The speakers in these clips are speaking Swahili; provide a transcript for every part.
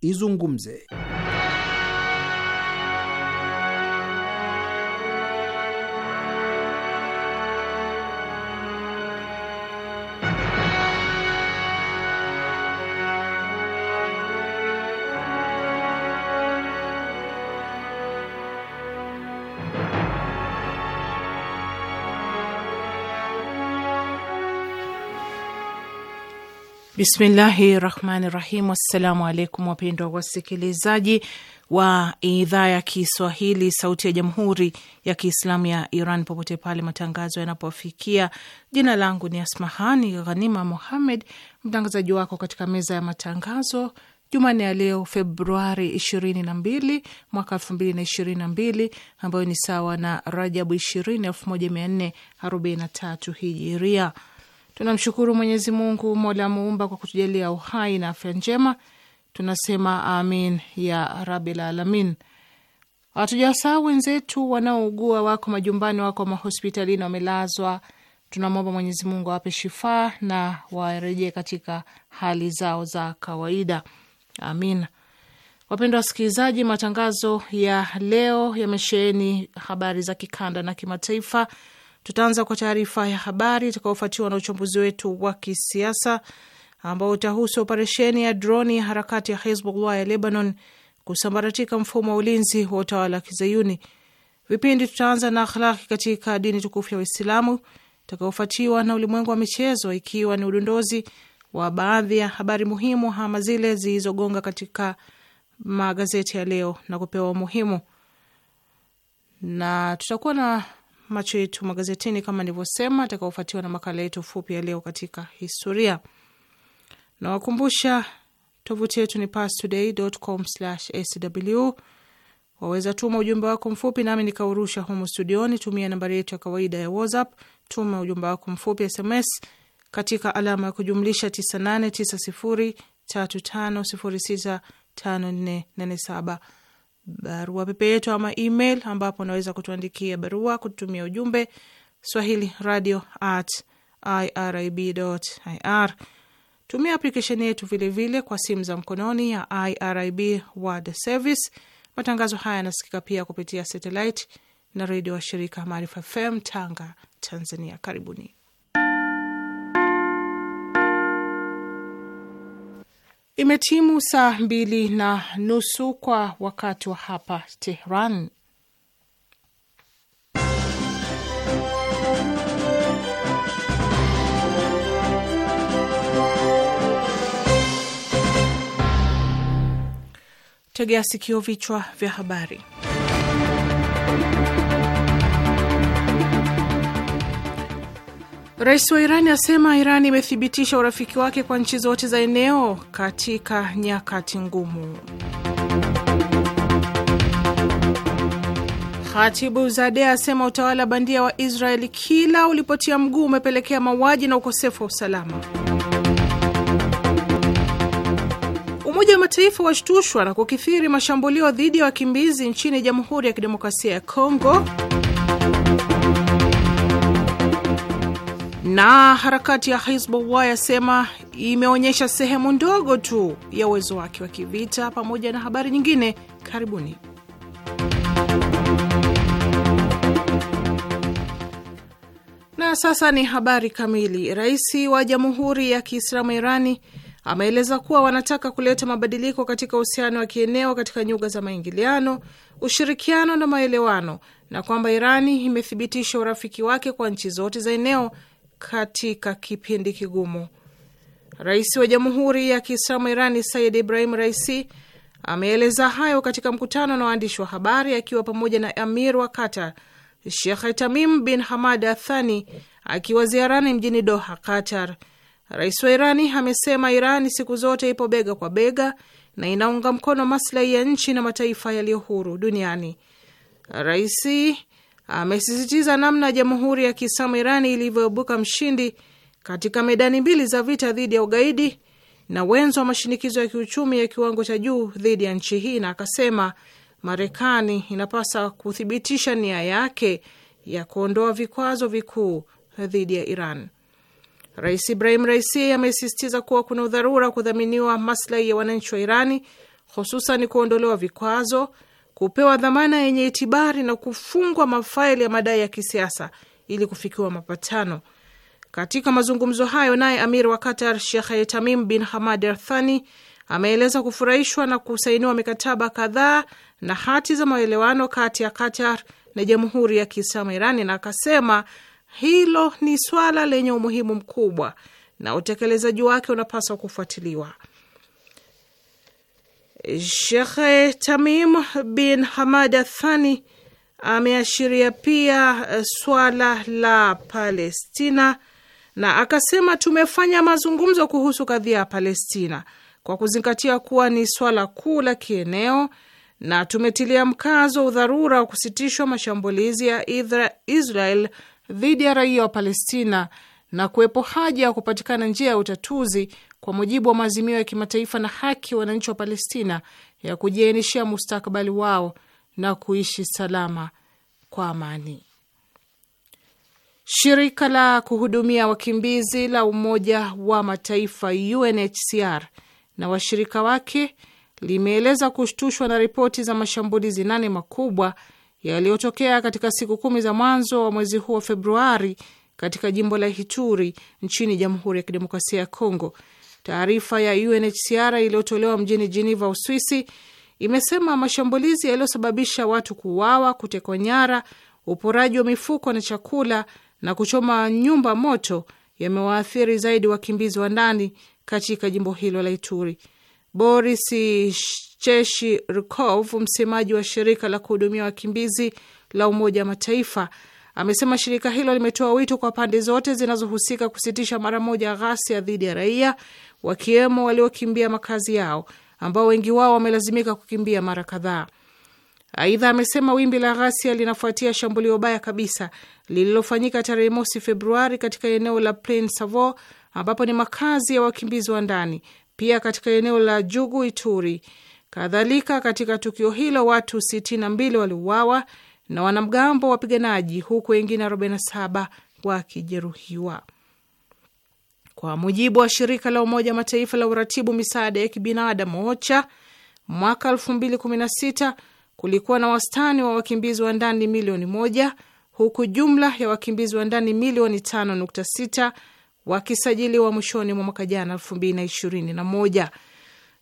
izungumze. Bismillahi rahmani rahim. Assalamu alaikum wapendwa wasikilizaji wa idhaa ya Kiswahili sauti ya jamhuri ya Kiislamu ya Iran popote pale matangazo yanapofikia. Jina langu ni Asmahani Ghanima Muhammed, mtangazaji wako katika meza ya matangazo Jumanne ya leo Februari 22 mwaka 2022 ambayo ni sawa na Rajabu 20 1443 hijiria Tunamshukuru Mwenyezi Mungu mola muumba kwa kutujalia uhai na afya njema, tunasema amin ya rabil alamin. Hatujawasahau wenzetu wanaougua, wako majumbani, wako mahospitalini, wamelazwa. Tunamwomba Mwenyezi Mungu awape shifaa na warejee katika hali zao za kawaida, amin. Wapendwa wasikilizaji, matangazo ya leo yamesheheni habari za kikanda na kimataifa Tutaanza kwa taarifa ya habari itakaofuatiwa na uchambuzi wetu wa kisiasa ambao utahusu operesheni ya droni ya harakati ya Hezbollah ya Lebanon kusambaratika mfumo wa ulinzi wa utawala wa Kizayuni. Vipindi tutaanza na akhlaki katika dini tukufu ya Uislamu itakaofuatiwa na ulimwengu wa michezo, ikiwa ni udondozi wa baadhi ya habari muhimu ama zile zilizogonga katika magazeti ya leo na kupewa umuhimu, na tutakuwa na macho yetu magazetini kama nilivyosema, atakaofuatiwa na makala yetu fupi ya leo katika historia. Nawakumbusha tovuti yetu ni pastoday.com/sw. Waweza tuma ujumbe wako mfupi nami nikaurusha humu studioni. Tumia nambari yetu ya kawaida ya WhatsApp, tuma ujumbe wako mfupi SMS katika alama ya kujumlisha 989035065487 barua pepe yetu ama email, ambapo unaweza kutuandikia barua, kututumia ujumbe swahili radio at iribir Tumia aplikesheni yetu vilevile vile kwa simu za mkononi ya IRIB World Service. Matangazo haya yanasikika pia kupitia satellite na redio wa shirika Maarifa FM Tanga, Tanzania. Karibuni. Imetimu saa mbili na nusu kwa wakati wa hapa Tehran. Tegea sikio, vichwa vya habari. Rais wa Irani asema Irani imethibitisha urafiki wake kwa nchi zote za eneo katika nyakati ngumu. Khatibu zade asema utawala bandia wa Israeli kila ulipotia mguu umepelekea mauaji na ukosefu wa usalama. Umoja wa Mataifa washtushwa na kukithiri mashambulio dhidi ya wakimbizi nchini Jamhuri ya Kidemokrasia ya Kongo. na harakati ya Hizbullah yasema imeonyesha sehemu ndogo tu ya uwezo wake wa kivita, pamoja na habari nyingine. Karibuni. Na sasa ni habari kamili. Rais wa Jamhuri ya Kiislamu Irani ameeleza kuwa wanataka kuleta mabadiliko katika uhusiano wa kieneo katika nyuga za maingiliano, ushirikiano na maelewano, na kwamba Irani imethibitisha urafiki wake kwa nchi zote za eneo katika kipindi kigumu. Rais wa Jamhuri ya Kiislamu Irani Said Ibrahim Raisi ameeleza hayo katika mkutano na waandishi wa habari akiwa pamoja na amir wa Qatar Shekh Tamim bin Hamad Athani akiwa ziarani mjini Doha, Qatar. Rais wa Irani amesema Irani siku zote ipo bega kwa bega na inaunga mkono maslahi ya nchi na mataifa yaliyo huru duniani. Raisi amesisitiza namna Jamhuri ya Kiislamu Irani ilivyoibuka mshindi katika medani mbili za vita dhidi ya ugaidi na wenzo wa mashinikizo ya kiuchumi ya kiwango cha juu dhidi ya nchi hii, na akasema Marekani inapasa kuthibitisha nia yake ya kuondoa vikwazo vikuu dhidi ya Iran. Rais Ibrahim Raisi amesisitiza kuwa kuna udharura wa kudhaminiwa maslahi ya wananchi wa Irani, hususan kuondolewa vikwazo kupewa dhamana yenye itibari na kufungwa mafaili ya madai ya kisiasa ili kufikiwa mapatano. Katika mazungumzo hayo, naye amir wa Qatar Shekh Tamim bin Hamad arthani ameeleza kufurahishwa na kusainiwa mikataba kadhaa na hati za maelewano kati ya Qatar na Jamhuri ya Kiislamu Irani, na akasema hilo ni swala lenye umuhimu mkubwa na utekelezaji wake unapaswa kufuatiliwa. Shekhe Tamim bin Hamad Athani ameashiria pia eh, swala la Palestina na akasema, tumefanya mazungumzo kuhusu kadhia ya Palestina kwa kuzingatia kuwa ni swala kuu la kieneo na tumetilia mkazo udharura wa kusitishwa mashambulizi ya Israel dhidi ya raia wa Palestina na kuwepo haja ya kupatikana njia ya utatuzi kwa mujibu wa maazimio ya kimataifa na haki wananchi wa Palestina ya kujiainishia mustakabali wao na kuishi salama kwa amani. Shirika la kuhudumia wakimbizi la Umoja wa Mataifa UNHCR na washirika wake limeeleza kushtushwa na ripoti za mashambulizi nane makubwa yaliyotokea katika siku kumi za mwanzo wa mwezi huu wa Februari katika jimbo la hituri nchini Jamhuri ya Kidemokrasia ya Kongo Taarifa ya UNHCR iliyotolewa mjini Geneva, Uswisi, imesema mashambulizi yaliyosababisha watu kuuawa, kutekwa nyara, uporaji wa mifuko na chakula na kuchoma nyumba moto yamewaathiri zaidi wakimbizi wa ndani katika jimbo hilo la Ituri. Boris Cheshirkov, msemaji wa shirika la kuhudumia wakimbizi la Umoja wa Mataifa, Amesema shirika hilo limetoa wito kwa pande zote zinazohusika kusitisha mara moja ghasia dhidi ya raia, wakiwemo waliokimbia makazi yao ambao wengi wao wamelazimika kukimbia mara kadhaa. Aidha, amesema wimbi la ghasia linafuatia shambulio baya kabisa lililofanyika tarehe mosi Februari katika eneo la Plain Savo ambapo ni makazi ya wakimbizi wa ndani, pia katika eneo la Jugu Ituri. Kadhalika, katika tukio hilo watu 62 waliuawa na wanamgambo wapiganaji, huku wengine 47 wakijeruhiwa. Kwa mujibu wa shirika la Umoja Mataifa la uratibu misaada ya kibinadamu OCHA, mwaka 2016 kulikuwa na wastani wa wakimbizi wa ndani milioni moja huku jumla ya wakimbizi wa ndani milioni 5.6 wakisajiliwa mwishoni mwa mwaka jana 2021.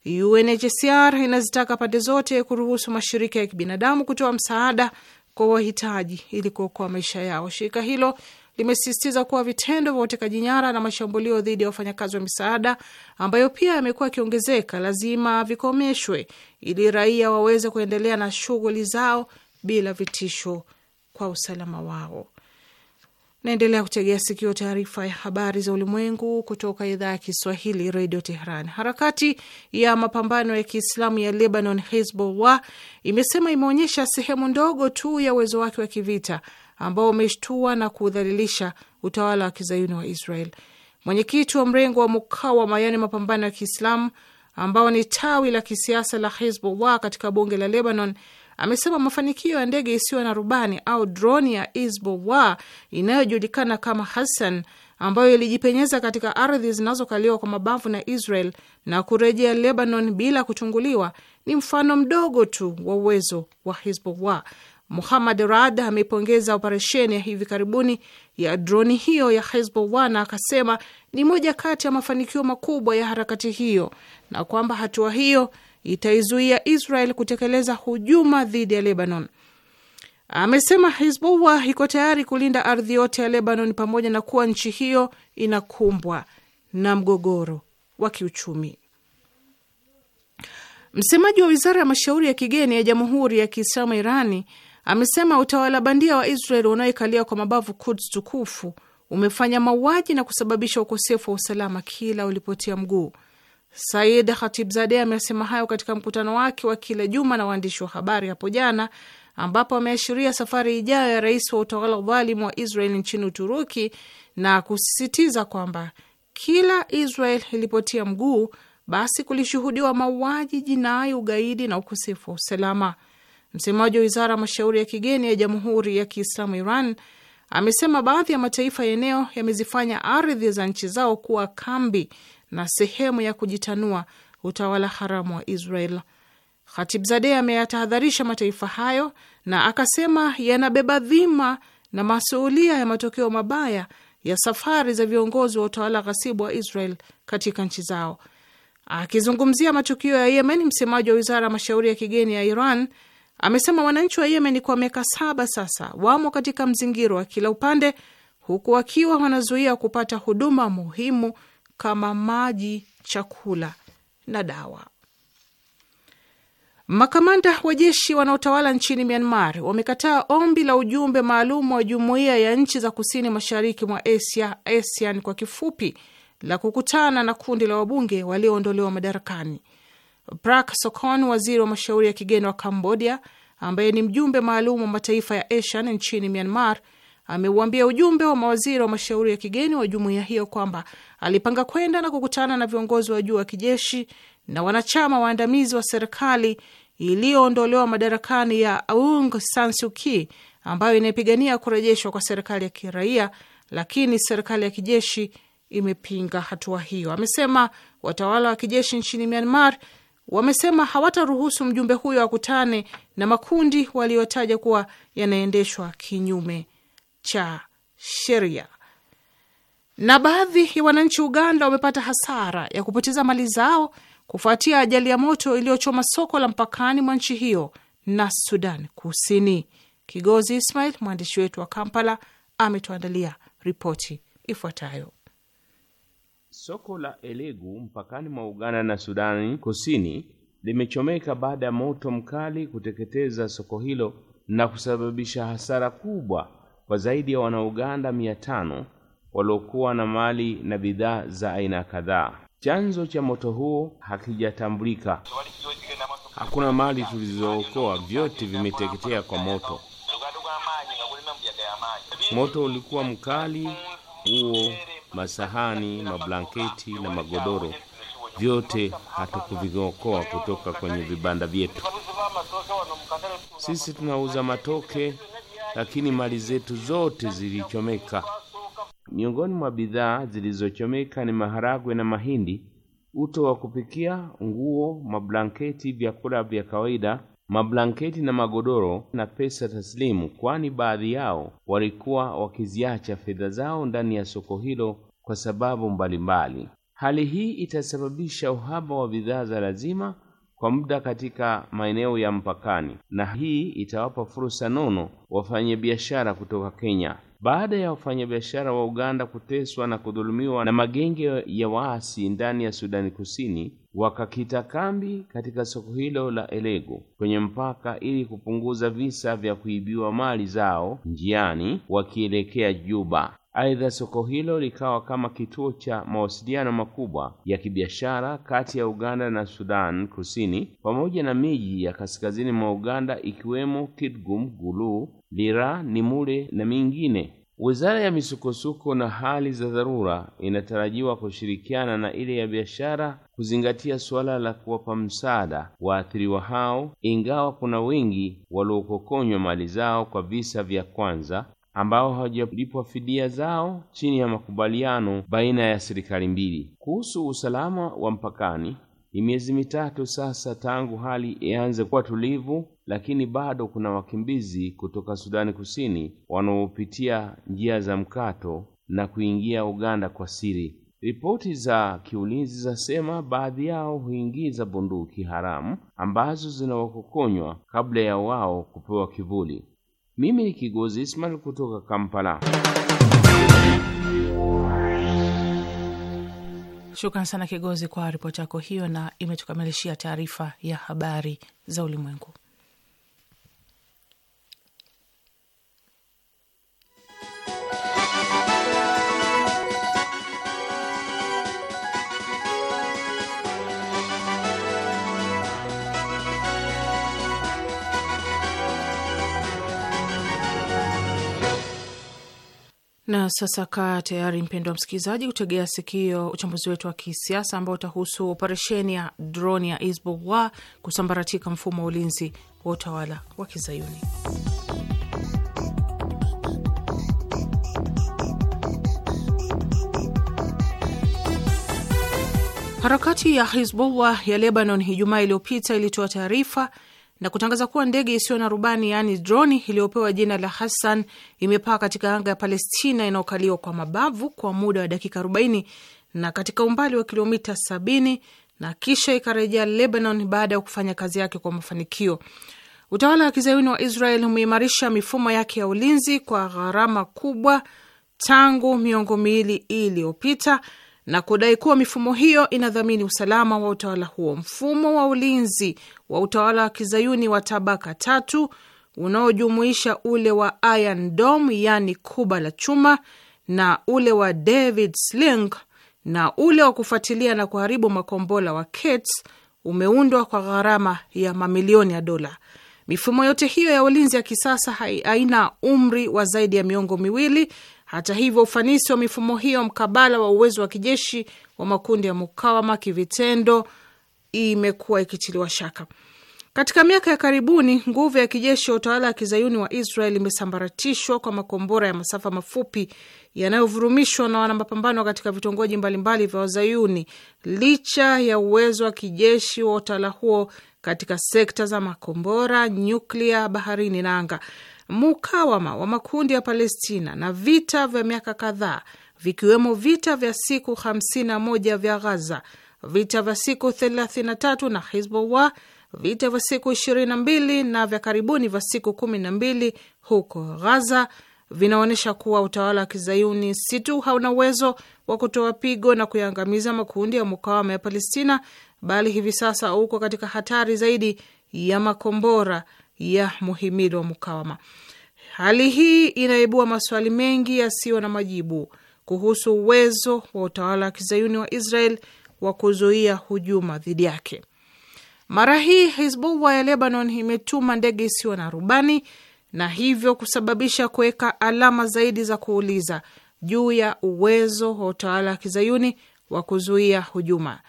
UNHCR inazitaka pande zote kuruhusu mashirika ya kibinadamu kutoa msaada kwa wahitaji ili kuokoa maisha yao. Shirika hilo limesisitiza kuwa vitendo vya utekaji nyara na mashambulio dhidi ya wafanyakazi wa misaada ambayo pia yamekuwa yakiongezeka lazima vikomeshwe ili raia waweze kuendelea na shughuli zao bila vitisho kwa usalama wao. Naendelea kutegea sikio taarifa ya habari za ulimwengu kutoka idhaa ya Kiswahili redio Tehran. Harakati ya mapambano ya Kiislamu ya Lebanon, Hezbollah, imesema imeonyesha sehemu ndogo tu ya uwezo wake wa kivita ambao umeshtua na kuudhalilisha utawala wa kizayuni wa Israel. Mwenyekiti wa mrengo wa mukawama, yaani mapambano ya Kiislamu, ambao ni tawi la kisiasa la Hezbollah katika bunge la Lebanon, amesema mafanikio ya ndege isiyo na rubani au droni ya Isbowa inayojulikana kama Hassan ambayo ilijipenyeza katika ardhi zinazokaliwa kwa mabavu na Israel na kurejea Lebanon bila kuchunguliwa ni mfano mdogo tu wa uwezo wa Hizbullah. Muhammad Raad ameipongeza operesheni ya hivi karibuni ya droni hiyo ya Hezbollah na akasema ni moja kati ya mafanikio makubwa ya harakati hiyo na kwamba hatua hiyo itaizuia Israel kutekeleza hujuma dhidi ya Lebanon. Amesema Hizbullah iko tayari kulinda ardhi yote ya Lebanon, pamoja na kuwa nchi hiyo inakumbwa na mgogoro wa kiuchumi. Msemaji wa wizara ya mashauri ya kigeni ya Jamhuri ya Kiislamu Irani amesema utawala bandia wa Israel unaoikalia kwa mabavu Kuds tukufu umefanya mauaji na kusababisha ukosefu wa usalama kila ulipotia mguu Said zade amesema hayo katika mkutano wake wa kila juma na waandishi wa habari hapo jana, ambapo ameashiria safari ijayo ya rais wa utawala dhalimu wa Israel nchini Uturuki na kusisitiza kwamba kila Israel ilipotia mguu basi kulishuhudiwa mauaji, jinai, ugaidi na ukosefu wa usalama. Msemaji wa wizara ya mashauri ya kigeni ya Jamhuri ya Kiislamu Iran amesema baadhi ya mataifa ya eneo yamezifanya ardhi za nchi zao kuwa kambi na sehemu ya kujitanua utawala haramu wa Israel. Khatibzadeh ameyatahadharisha mataifa hayo na akasema yanabeba dhima na masuulia ya matokeo mabaya ya safari za viongozi wa utawala ghasibu wa Israel katika nchi zao. Akizungumzia matukio ya Yemen, msemaji wa wizara ya mashauri ya kigeni ya Iran amesema wananchi wa Yemen kwa miaka saba sasa wamo katika mzingiro wa kila upande, huku wakiwa wanazuia kupata huduma muhimu kama maji, chakula na dawa. Makamanda wa jeshi wanaotawala nchini Myanmar wamekataa ombi la ujumbe maalum wa jumuiya ya nchi za kusini mashariki mwa Asia, ASEAN kwa kifupi, la kukutana na kundi la wabunge walioondolewa madarakani. Prak socon waziri wa mashauri ya kigeni wa Cambodia ambaye ni mjumbe maalum wa mataifa ya ASEAN nchini Myanmar, ameuambia ujumbe wa mawaziri wa mashauri ya kigeni wa jumuiya hiyo kwamba alipanga kwenda na kukutana na viongozi wa juu wa kijeshi na wanachama waandamizi wa serikali iliyoondolewa madarakani ya Aung San Suu Kyi ambayo inayepigania kurejeshwa kwa serikali ya kiraia, lakini serikali ya kijeshi imepinga hatua hiyo. Amesema watawala wa kijeshi nchini Myanmar wamesema hawataruhusu mjumbe huyo akutane na makundi waliyotaja kuwa yanaendeshwa kinyume cha sheria. Na baadhi ya wananchi Uganda wamepata hasara ya kupoteza mali zao kufuatia ajali ya moto iliyochoma soko la mpakani mwa nchi hiyo na Sudan Kusini. Kigozi Ismail, mwandishi wetu wa Kampala, ametuandalia ripoti ifuatayo. Soko la Elegu mpakani mwa Uganda na Sudani Kusini limechomeka baada ya moto mkali kuteketeza soko hilo na kusababisha hasara kubwa kwa zaidi ya Wanauganda mia tano waliokuwa na mali na bidhaa za aina kadhaa. Chanzo cha moto huo hakijatambulika. Hakuna mali tulizookoa, vyote vimeteketea kwa moto. Moto ulikuwa mkali, huo masahani, mablanketi na magodoro, vyote hatukuviokoa kutoka kwenye vibanda vyetu. Sisi tunauza matoke lakini mali zetu zote zilichomeka. Miongoni mwa bidhaa zilizochomeka ni maharagwe na mahindi, uto wa kupikia, nguo, mablanketi, vyakula vya kawaida, mablanketi na magodoro na pesa taslimu, kwani baadhi yao walikuwa wakiziacha fedha zao ndani ya soko hilo kwa sababu mbalimbali. Hali hii itasababisha uhaba wa bidhaa za lazima kwa muda katika maeneo ya mpakani, na hii itawapa fursa nono wafanyabiashara kutoka Kenya. Baada ya wafanyabiashara wa Uganda kuteswa na kudhulumiwa na magenge ya waasi ndani ya Sudani Kusini, wakakita kambi katika soko hilo la Elego kwenye mpaka ili kupunguza visa vya kuibiwa mali zao njiani wakielekea Juba. Aidha, soko hilo likawa kama kituo cha mawasiliano makubwa ya kibiashara kati ya Uganda na Sudan Kusini pamoja na miji ya kaskazini mwa Uganda ikiwemo Kitgum, Gulu, Lira, Nimule na mingine. Wizara ya misukosuko na hali za dharura inatarajiwa kushirikiana na ile ya biashara kuzingatia suala la kuwapa msaada waathiriwa hao, ingawa kuna wengi waliokokonywa mali zao kwa visa vya kwanza ambao hawajalipwa fidia zao chini ya makubaliano baina ya serikali mbili. Kuhusu usalama wa mpakani, ni miezi mitatu sasa tangu hali ianze kuwa tulivu, lakini bado kuna wakimbizi kutoka Sudani Kusini wanaopitia njia za mkato na kuingia Uganda kwa siri. Ripoti za kiulinzi zasema baadhi yao huingiza bunduki haramu ambazo zinawakokonywa kabla ya wao kupewa kivuli. Mimi ni Kigozi Ismail kutoka Kampala. Shukran sana Kigozi kwa ripoti yako hiyo, na imetukamilishia taarifa ya habari za ulimwengu. sasa kaa tayari, mpendo wa msikilizaji, kutegea sikio uchambuzi wetu wa kisiasa ambao utahusu operesheni ya droni ya Hizbullah kusambaratika mfumo wa ulinzi wa utawala wa Kizayuni. Harakati ya Hizbullah ya Lebanon Ijumaa iliyopita ilitoa taarifa na kutangaza kuwa ndege isiyo na rubani yaani droni iliyopewa jina la Hassan imepaa katika anga ya Palestina inayokaliwa kwa mabavu kwa muda wa dakika 40 na katika umbali wa kilomita 70 na kisha ikarejea Lebanon baada ya kufanya kazi yake kwa mafanikio. Utawala wa kizayuni wa Israel umeimarisha mifumo yake ya ulinzi kwa gharama kubwa tangu miongo miwili iliyopita na kudai kuwa mifumo hiyo inadhamini usalama wa utawala huo. Mfumo wa ulinzi wa utawala wa kizayuni wa tabaka tatu unaojumuisha ule wa Iron Dome, yani kuba la chuma, na ule wa David Sling na ule wa kufuatilia na kuharibu makombola wa Kets umeundwa kwa gharama ya mamilioni ya dola. Mifumo yote hiyo ya ulinzi ya kisasa haina umri wa zaidi ya miongo miwili hata hivyo, ufanisi wa mifumo hiyo mkabala wa uwezo wa kijeshi wa makundi ya mukawama kivitendo imekuwa ikitiliwa shaka. Katika miaka ya karibuni nguvu ya kijeshi ya utawala wa kizayuni wa Israel imesambaratishwa kwa makombora ya masafa mafupi yanayovurumishwa na wanamapambano katika vitongoji mbalimbali vya Wazayuni, licha ya uwezo wa kijeshi wa utawala huo katika sekta za makombora, nyuklia, baharini na anga mukawama wa makundi ya Palestina na vita vya miaka kadhaa vikiwemo vita vya siku 51 vya Ghaza, vita vya siku 33 na Hizbullah, vita vya siku 22 na vya karibuni vya siku 12 huko Ghaza vinaonyesha kuwa utawala wa kizayuni si tu hauna uwezo wa kutoa pigo na kuyaangamiza makundi ya mukawama ya Palestina, bali hivi sasa uko katika hatari zaidi ya makombora ya muhimili wa mukawama. Hali hii inaibua maswali mengi yasiyo na majibu kuhusu uwezo wa utawala wa kizayuni wa Israel wa kuzuia hujuma dhidi yake. Mara hii Hizbullah ya Lebanon imetuma ndege isiyo na rubani na hivyo kusababisha kuweka alama zaidi za kuuliza juu ya uwezo wa utawala wa kizayuni wa kuzuia hujuma.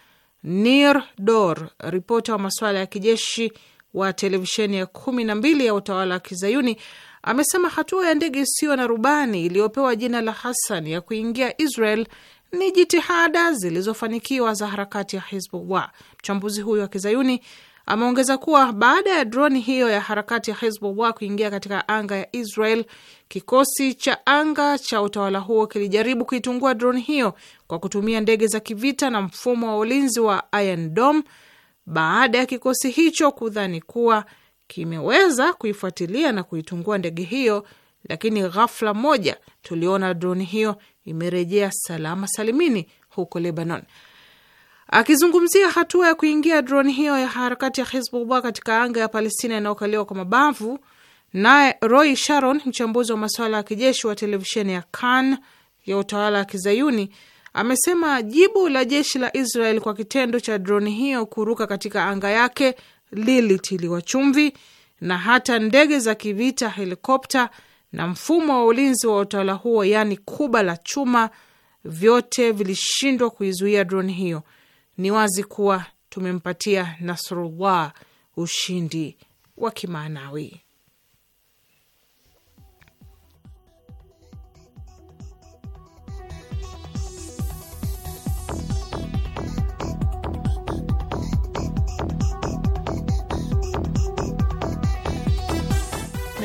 Nir Dor, ripota wa masuala ya kijeshi wa televisheni ya kumi na mbili ya utawala wa kizayuni amesema hatua ya ndege isiyo na rubani iliyopewa jina la Hassan ya kuingia Israel ni jitihada zilizofanikiwa za harakati ya Hezbollah. Mchambuzi huyo wa kizayuni ameongeza kuwa baada ya droni hiyo ya harakati ya Hezbollah kuingia katika anga ya Israel, kikosi cha anga cha utawala huo kilijaribu kuitungua droni hiyo kwa kutumia ndege za kivita na mfumo wa ulinzi wa Iron Dome baada ya kikosi hicho kudhani kuwa kimeweza kuifuatilia na kuitungua ndege hiyo, lakini ghafla moja tuliona droni hiyo imerejea salama salimini huko Lebanon. Akizungumzia hatua ya kuingia droni hiyo ya harakati ya Hizbullah katika anga ya Palestina inayokaliwa kwa mabavu, naye Roy Sharon, mchambuzi wa masuala ya kijeshi wa televisheni ya Kan ya utawala wa Kizayuni, amesema jibu la jeshi la Israel kwa kitendo cha droni hiyo kuruka katika anga yake lilitiliwa chumvi na hata ndege za kivita, helikopta na mfumo wa ulinzi wa utawala huo, yaani kuba la chuma, vyote vilishindwa kuizuia droni hiyo. Ni wazi kuwa tumempatia Nasrullah ushindi wa kimaanawi.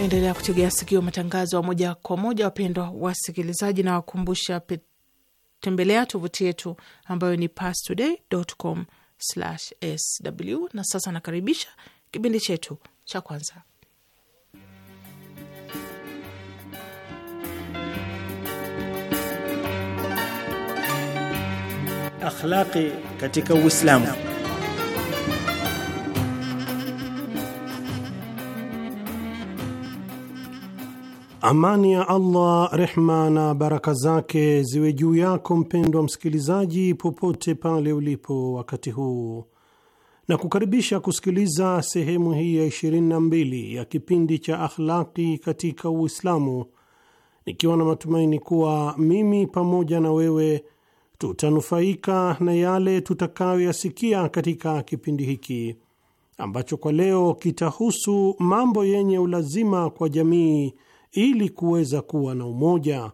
Endelea kutegea sikio matangazo ya moja kwa moja, wapendwa wasikilizaji, na wakumbusha tembelea tovuti yetu ambayo ni pastoday.com/sw. Na sasa nakaribisha kipindi chetu cha kwanza Akhlaqi katika Uislamu. Amani ya Allah, rehma na baraka zake ziwe juu yako mpendwa msikilizaji, popote pale ulipo wakati huu, na kukaribisha kusikiliza sehemu hii ya 22 ya kipindi cha Akhlaqi katika Uislamu, nikiwa na matumaini kuwa mimi pamoja na wewe tutanufaika na yale tutakayoyasikia katika kipindi hiki ambacho kwa leo kitahusu mambo yenye ulazima kwa jamii ili kuweza kuwa na umoja.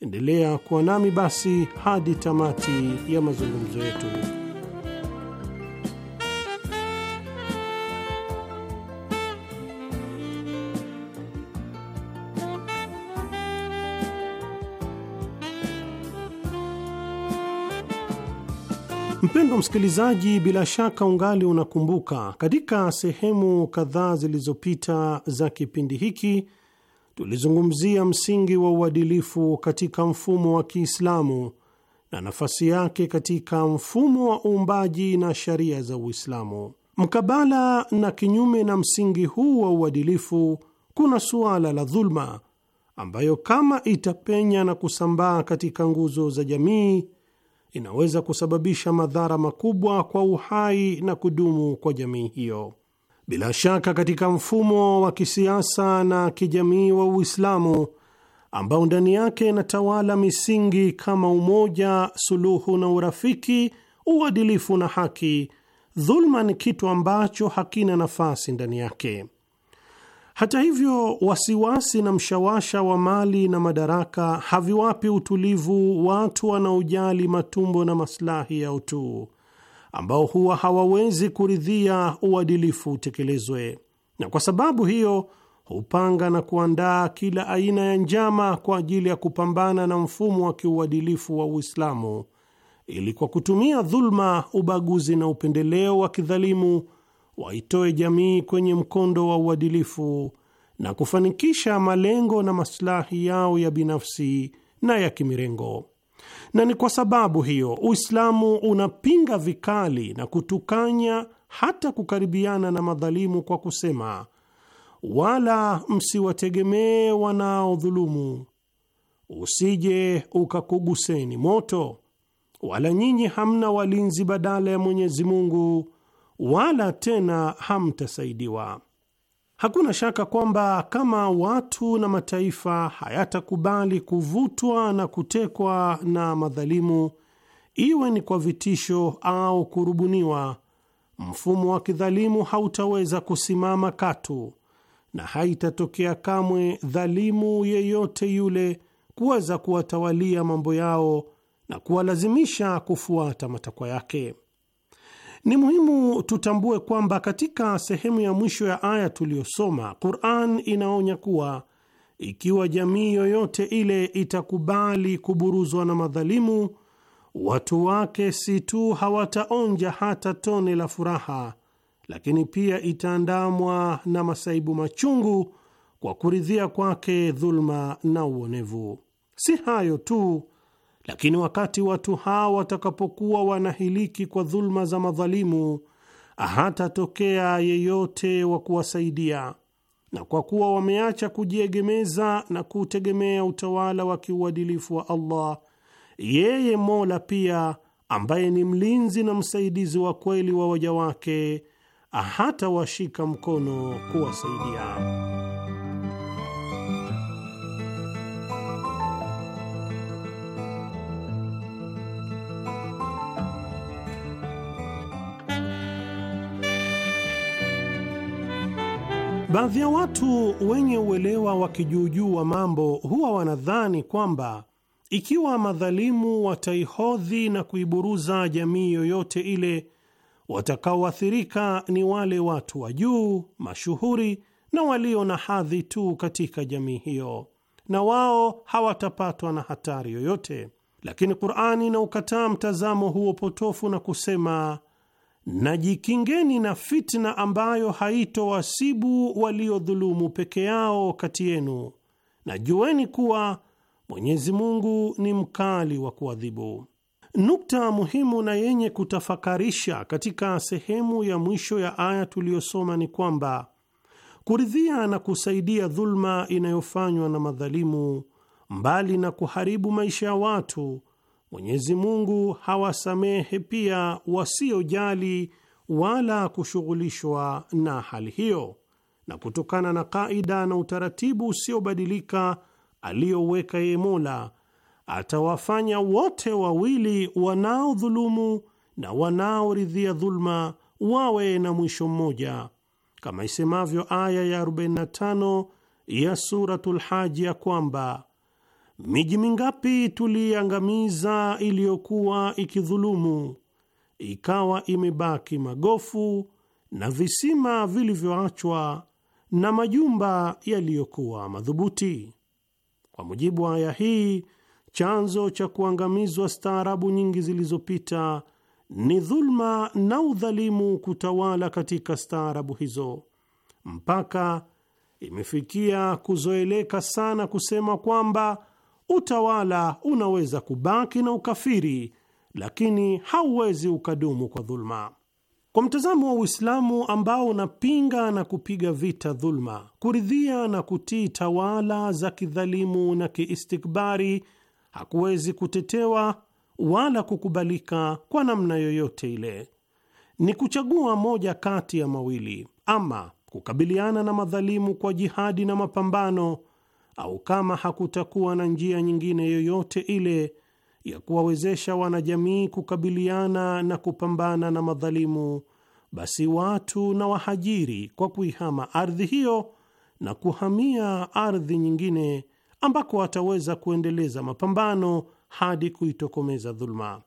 Endelea kuwa nami basi hadi tamati ya mazungumzo yetu. Mpendwa msikilizaji, bila shaka ungali unakumbuka katika sehemu kadhaa zilizopita za kipindi hiki tulizungumzia msingi wa uadilifu katika mfumo wa Kiislamu na nafasi yake katika mfumo wa uumbaji na sharia za Uislamu. Mkabala na kinyume na msingi huu wa uadilifu, kuna suala la dhulma ambayo kama itapenya na kusambaa katika nguzo za jamii inaweza kusababisha madhara makubwa kwa uhai na kudumu kwa jamii hiyo. Bila shaka katika mfumo wa kisiasa na kijamii wa Uislamu ambao ndani yake inatawala misingi kama umoja, suluhu na urafiki, uadilifu na haki, dhulma ni kitu ambacho hakina nafasi ndani yake. Hata hivyo, wasiwasi na mshawasha wa mali na madaraka haviwapi utulivu watu wanaojali matumbo na maslahi yao tu, ambao huwa hawawezi kuridhia uadilifu utekelezwe, na kwa sababu hiyo hupanga na kuandaa kila aina ya njama kwa ajili ya kupambana na mfumo wa kiuadilifu wa Uislamu ili kwa kutumia dhulma, ubaguzi na upendeleo wa kidhalimu waitoe jamii kwenye mkondo wa uadilifu na kufanikisha malengo na maslahi yao ya binafsi na ya kimirengo na ni kwa sababu hiyo Uislamu unapinga vikali na kutukanya hata kukaribiana na madhalimu kwa kusema, wala msiwategemee wanaodhulumu, usije ukakuguseni moto, wala nyinyi hamna walinzi badala ya Mwenyezi Mungu, wala tena hamtasaidiwa. Hakuna shaka kwamba kama watu na mataifa hayatakubali kuvutwa na kutekwa na madhalimu, iwe ni kwa vitisho au kurubuniwa, mfumo wa kidhalimu hautaweza kusimama katu, na haitatokea kamwe dhalimu yeyote yule kuweza kuwatawalia mambo yao na kuwalazimisha kufuata matakwa yake. Ni muhimu tutambue kwamba katika sehemu ya mwisho ya aya tuliyosoma, Qur'an inaonya kuwa ikiwa jamii yoyote ile itakubali kuburuzwa na madhalimu, watu wake si tu hawataonja hata tone la furaha, lakini pia itaandamwa na masaibu machungu kwa kuridhia kwake dhulma na uonevu. Si hayo tu lakini wakati watu hawa watakapokuwa wanahiliki kwa dhuluma za madhalimu, hatatokea yeyote wa kuwasaidia, na kwa kuwa wameacha kujiegemeza na kutegemea utawala wa kiuadilifu wa Allah, yeye Mola pia ambaye ni mlinzi na msaidizi wa kweli wa waja wake, hatawashika mkono kuwasaidia. Baadhi ya watu wenye uelewa wa kijuujuu wa mambo huwa wanadhani kwamba ikiwa madhalimu wataihodhi na kuiburuza jamii yoyote ile, watakaoathirika ni wale watu wa juu, mashuhuri na walio na hadhi tu katika jamii hiyo, na wao hawatapatwa na hatari yoyote. Lakini Qur'ani inaukataa mtazamo huo potofu na kusema Najikingeni na fitna ambayo haitowasibu waliodhulumu peke yao kati yenu, na jueni kuwa Mwenyezi Mungu ni mkali wa kuadhibu. Nukta muhimu na yenye kutafakarisha katika sehemu ya mwisho ya aya tuliyosoma ni kwamba kuridhia na kusaidia dhulma inayofanywa na madhalimu, mbali na kuharibu maisha ya watu Mwenyezi Mungu hawasamehe pia wasiojali wala kushughulishwa na hali hiyo, na kutokana na kaida na utaratibu usiobadilika aliyoweka yeye Mola atawafanya wote wawili wanaodhulumu na wanaoridhia dhulma wawe na mwisho mmoja, kama isemavyo aya ya 45 ya Suratul Haji ya kwamba Miji mingapi tuliiangamiza iliyokuwa ikidhulumu, ikawa imebaki magofu na visima vilivyoachwa na majumba yaliyokuwa madhubuti. Kwa mujibu wa aya hii, chanzo cha kuangamizwa staarabu nyingi zilizopita ni dhulma na udhalimu kutawala katika staarabu hizo mpaka imefikia kuzoeleka sana kusema kwamba utawala unaweza kubaki na ukafiri, lakini hauwezi ukadumu kwa dhuluma. Kwa mtazamo wa Uislamu ambao unapinga na kupiga vita dhuluma, kuridhia na kutii tawala za kidhalimu na kiistikbari hakuwezi kutetewa wala kukubalika kwa namna yoyote ile. Ni kuchagua moja kati ya mawili, ama kukabiliana na madhalimu kwa jihadi na mapambano au kama hakutakuwa na njia nyingine yoyote ile ya kuwawezesha wanajamii kukabiliana na kupambana na madhalimu, basi watu na wahajiri kwa kuihama ardhi hiyo na kuhamia ardhi nyingine ambako wataweza kuendeleza mapambano hadi kuitokomeza dhuluma.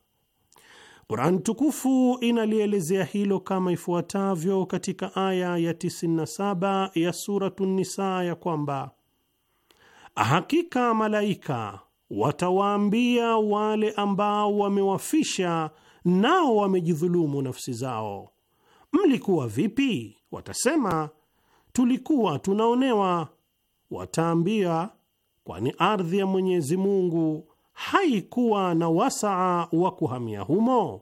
Quran tukufu inalielezea hilo kama ifuatavyo katika aya ya 97 ya Suratu Nisa ya kwamba Hakika malaika watawaambia wale ambao wamewafisha nao wamejidhulumu nafsi zao, mlikuwa vipi? Watasema, tulikuwa tunaonewa. Wataambia, kwani ardhi ya Mwenyezi Mungu haikuwa na wasaa wa kuhamia humo?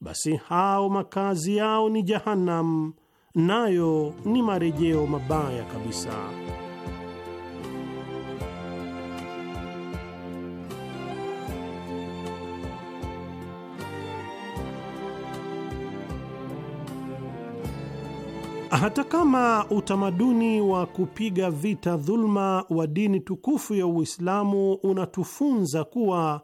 Basi hao makazi yao ni Jahannam, nayo ni marejeo mabaya kabisa. Hata kama utamaduni wa kupiga vita dhuluma wa dini tukufu ya Uislamu unatufunza kuwa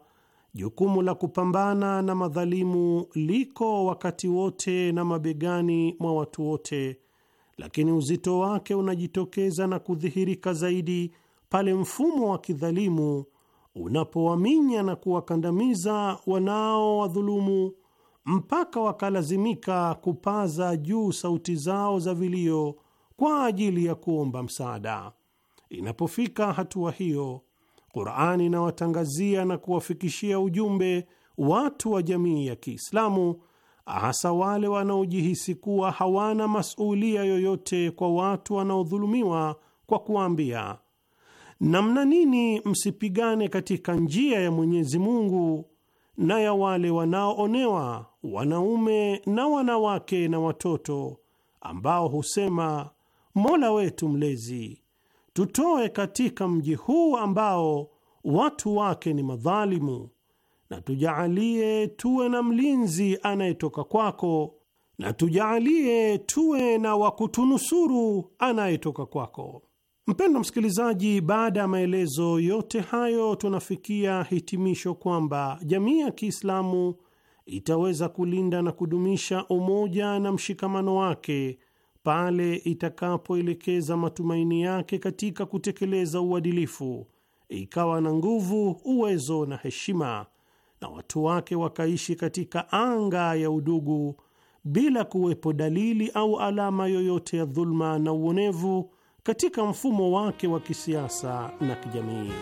jukumu la kupambana na madhalimu liko wakati wote na mabegani mwa watu wote, lakini uzito wake unajitokeza na kudhihirika zaidi pale mfumo wa kidhalimu unapowaminya na kuwakandamiza wanaowadhulumu mpaka wakalazimika kupaza juu sauti zao za vilio kwa ajili ya kuomba msaada. Inapofika hatua hiyo, Qur'ani inawatangazia na kuwafikishia ujumbe watu wa jamii ya Kiislamu, hasa wale wanaojihisi kuwa hawana masulia yoyote kwa watu wanaodhulumiwa, kwa kuwaambia namna nini msipigane katika njia ya Mwenyezi Mungu na ya wale wanaoonewa wanaume na wanawake na watoto ambao husema, Mola wetu Mlezi, tutoe katika mji huu ambao watu wake ni madhalimu, na tujaalie tuwe na mlinzi anayetoka kwako, na tujaalie tuwe na wakutunusuru anayetoka kwako. Mpendwa msikilizaji, baada ya maelezo yote hayo, tunafikia hitimisho kwamba jamii ya Kiislamu itaweza kulinda na kudumisha umoja na mshikamano wake pale itakapoelekeza matumaini yake katika kutekeleza uadilifu, ikawa na nguvu, uwezo na heshima, na watu wake wakaishi katika anga ya udugu bila kuwepo dalili au alama yoyote ya dhuluma na uonevu katika mfumo wake wa kisiasa na kijamii.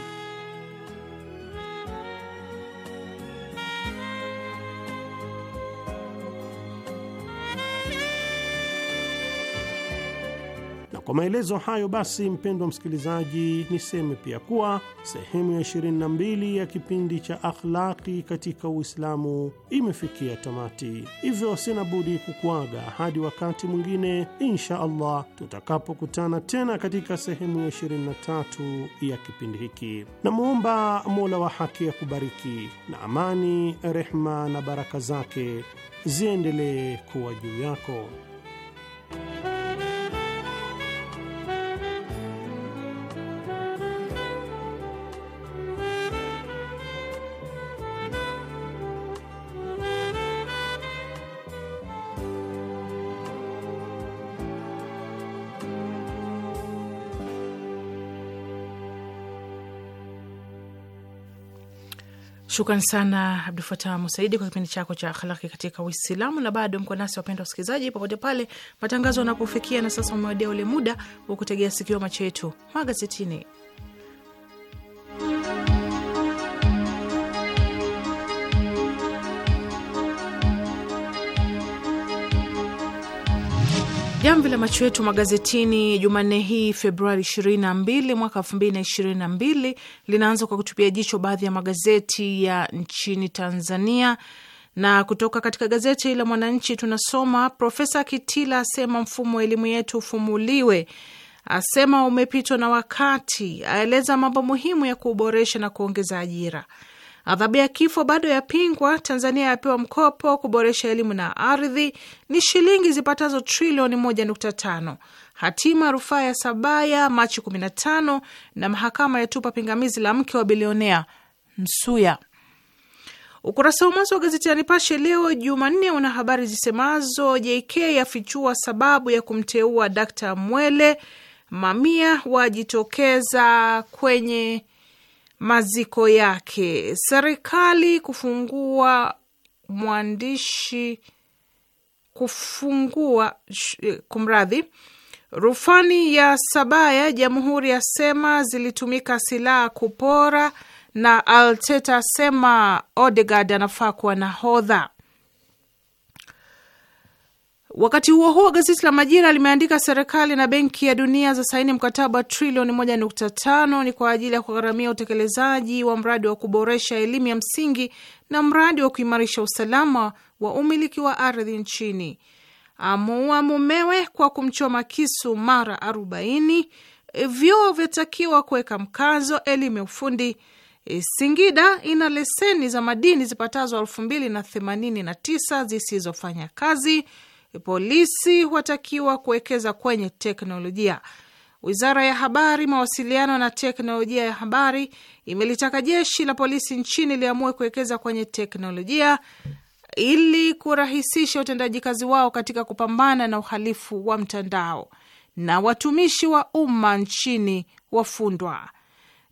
Kwa maelezo hayo basi, mpendwa msikilizaji, niseme pia kuwa sehemu ya 22 ya kipindi cha Akhlaqi katika Uislamu imefikia tamati, hivyo sina budi kukuaga hadi wakati mwingine insha Allah tutakapokutana tena katika sehemu ya 23 ya kipindi hiki. Namwomba Mola wa haki ya kubariki na amani, rehma na baraka zake ziendelee kuwa juu yako. Shukran sana Abdul Fatah Musaidi kwa kipindi chako cha akhlaki katika Uislamu. Na bado mko nasi wapenda wasikilizaji, popote pale matangazo yanapofikia. Na sasa umewadia ule muda wa kutegea sikio macho yetu magazetini. Jamvi la macho yetu magazetini Jumanne hii Februari 22 mwaka 2022 linaanza kwa kutupia jicho baadhi ya magazeti ya nchini Tanzania, na kutoka katika gazeti la Mwananchi tunasoma Profesa Kitila asema mfumo wa elimu yetu ufumuliwe, asema umepitwa na wakati, aeleza mambo muhimu ya kuboresha na kuongeza ajira Adhabu ya kifo bado yapingwa. Tanzania yapewa mkopo kuboresha elimu na ardhi, ni shilingi zipatazo trilioni 1.5. Hatima rufaa ya Sabaya Machi 15, na mahakama yatupa pingamizi la mke wa bilionea Msuya. Ukurasa wa mwanzo wa gazeti ya Nipashe leo Jumanne una habari zisemazo: JK yafichua sababu ya kumteua Dkt Mwele, mamia wajitokeza kwenye maziko yake. Serikali kufungua mwandishi kufungua eh, kumradhi, rufani ya Sabaya. Jamhuri yasema zilitumika silaha kupora, na Alteta asema Odegard anafaa kuwa nahodha. Wakati huo huo, gazeti la Majira limeandika serikali na Benki ya Dunia za saini mkataba wa trilioni 1.5 ni kwa ajili ya kugharamia utekelezaji wa mradi wa kuboresha elimu ya msingi na mradi wa kuimarisha usalama wa umiliki wa ardhi nchini. Amuua mumewe kwa kumchoma kisu mara 40. Vyuo vyatakiwa kuweka mkazo elimu ya ufundi. Singida ina leseni za madini zipatazo elfu mbili na themanini na tisa zisizofanya kazi polisi watakiwa kuwekeza kwenye teknolojia. Wizara ya Habari, Mawasiliano na Teknolojia ya Habari imelitaka jeshi la polisi nchini liamue kuwekeza kwenye teknolojia ili kurahisisha utendaji kazi wao katika kupambana na uhalifu wa mtandao, na watumishi wa umma nchini wafundwa.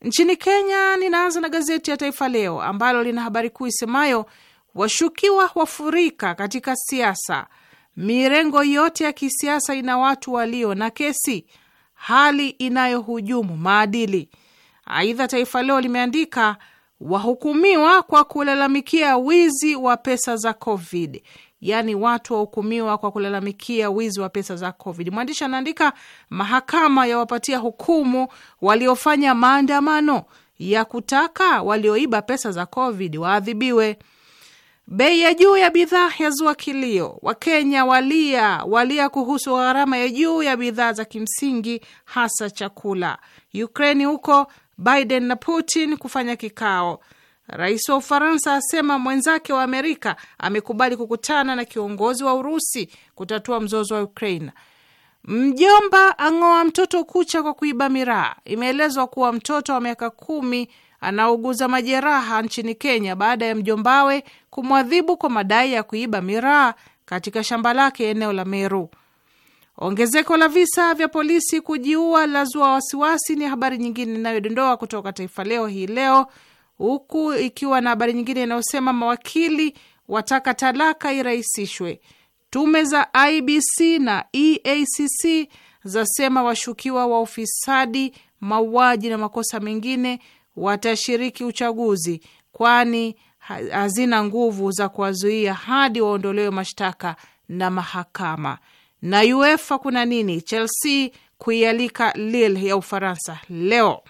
Nchini Kenya, ninaanza na gazeti ya Taifa Leo ambalo lina habari kuu isemayo washukiwa wafurika katika siasa Mirengo yote ya kisiasa ina watu walio na kesi, hali inayohujumu maadili. Aidha, Taifa Leo limeandika wahukumiwa kwa kulalamikia wizi wa pesa za Covid, yaani watu wahukumiwa kwa kulalamikia wizi wa pesa za Covid. Mwandishi anaandika mahakama yawapatia hukumu waliofanya maandamano ya kutaka walioiba pesa za Covid waadhibiwe. Bei ya juu ya bidhaa yazua kilio. Wakenya walia walia kuhusu gharama ya juu ya bidhaa za kimsingi, hasa chakula. Ukraini huko Biden na Putin kufanya kikao. Rais wa Ufaransa asema mwenzake wa Amerika amekubali kukutana na kiongozi wa Urusi kutatua mzozo wa ukrain Mjomba ang'oa mtoto kucha kwa kuiba miraa. Imeelezwa kuwa mtoto wa miaka kumi anaouguza majeraha nchini Kenya baada ya mjombawe kumwadhibu kwa madai ya kuiba miraa katika shamba lake eneo la Meru. Ongezeko la visa vya polisi kujiua lazua wasiwasi, ni habari nyingine inayodondoa kutoka Taifa Leo hii leo, huku ikiwa na habari nyingine inayosema mawakili wataka talaka irahisishwe. Tume za IBC na EACC zasema washukiwa wa ufisadi, mauaji na makosa mengine watashiriki uchaguzi, kwani hazina nguvu za kuwazuia hadi waondolewe mashtaka na mahakama. Na UEFA kuna nini? Chelsea kuialika Lille ya Ufaransa leo.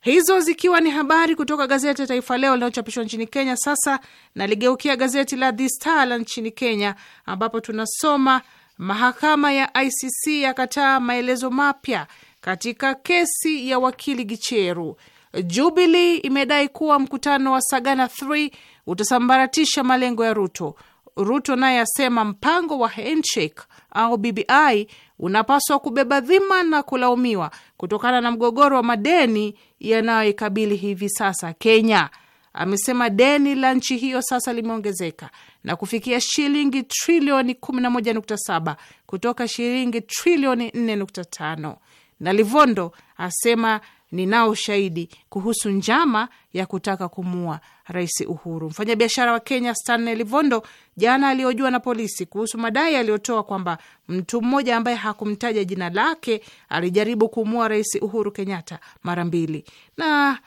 Hizo zikiwa ni habari kutoka gazeti Taifa Leo linalochapishwa nchini Kenya. Sasa naligeukia gazeti la The Star la nchini Kenya, ambapo tunasoma mahakama ya ICC yakataa maelezo mapya katika kesi ya wakili Gicheru. Jubilee imedai kuwa mkutano wa Sagana 3 utasambaratisha malengo ya Ruto. Ruto naye asema mpango wa handshake au BBI unapaswa kubeba dhima na kulaumiwa kutokana na mgogoro wa madeni yanayoikabili hivi sasa Kenya. Amesema deni la nchi hiyo sasa limeongezeka na kufikia shilingi trilioni 11.7 kutoka shilingi trilioni 4.5. Na Livondo asema ninao shahidi kuhusu njama ya kutaka kumua Rais Uhuru. Mfanyabiashara wa Kenya Stanley Livondo jana aliojua na polisi kuhusu madai aliyotoa kwamba mtu mmoja ambaye hakumtaja jina lake alijaribu kumua Rais Uhuru Kenyatta mara mbili. Na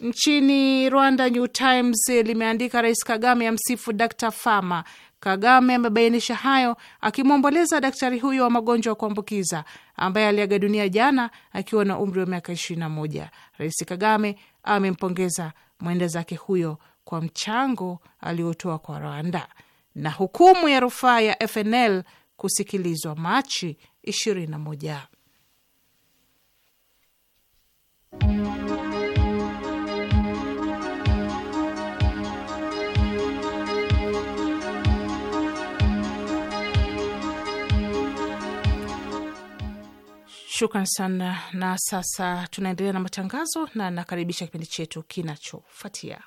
nchini Rwanda, New Times limeandika Rais Kagame amsifu Dr Fama Kagame amebainisha hayo akimwomboleza daktari huyo wa magonjwa ya kuambukiza ambaye aliaga dunia jana akiwa na umri wa miaka moja. Rais Kagame amempongeza mwenda zake huyo kwa mchango aliotoa kwa Rwanda. Na hukumu ya rufaa ya FNL kusikilizwa Machi moja. Shukran sana. Na sasa tunaendelea na matangazo na nakaribisha kipindi chetu kinachofuatia